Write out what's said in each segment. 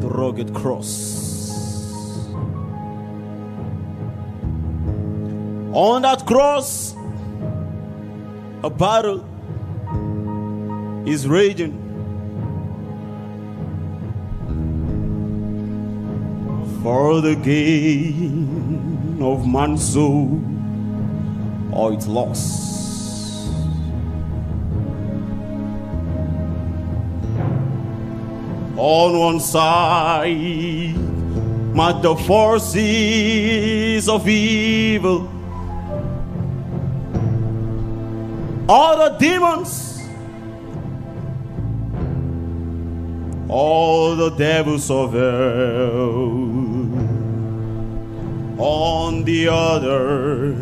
the rugged cross. On that cross, a battle is raging. For the gain of man's soul or its loss. on one side might the forces of evil all the demons all the devils of hell on the other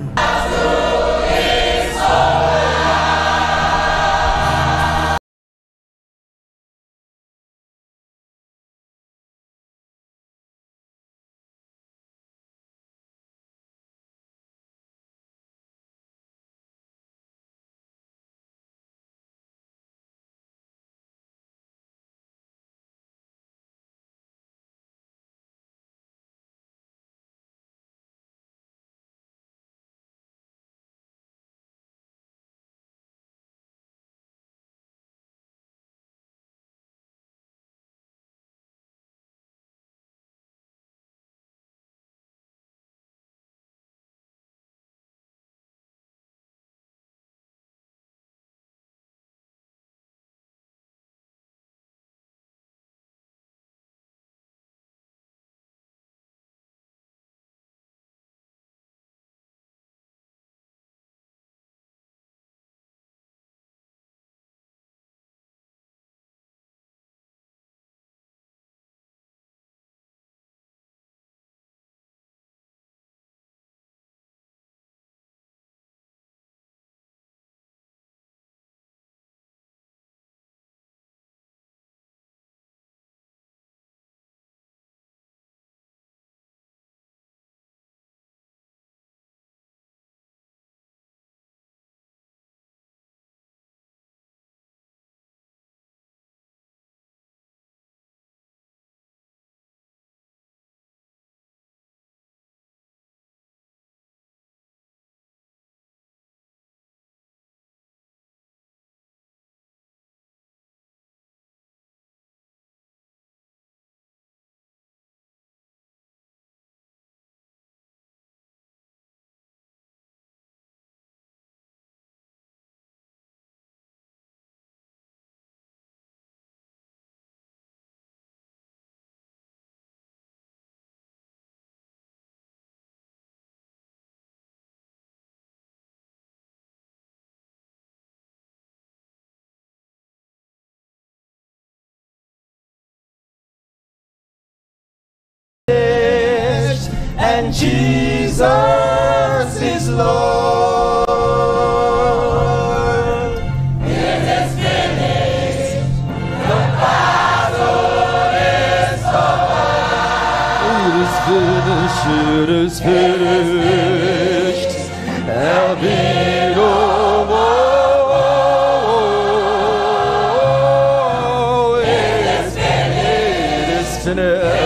and Jesus is Lord. It is finished. Albeit, oh, oh, oh, oh, oh, it is finished. It is finished.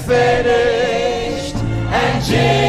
finished, and Jesus.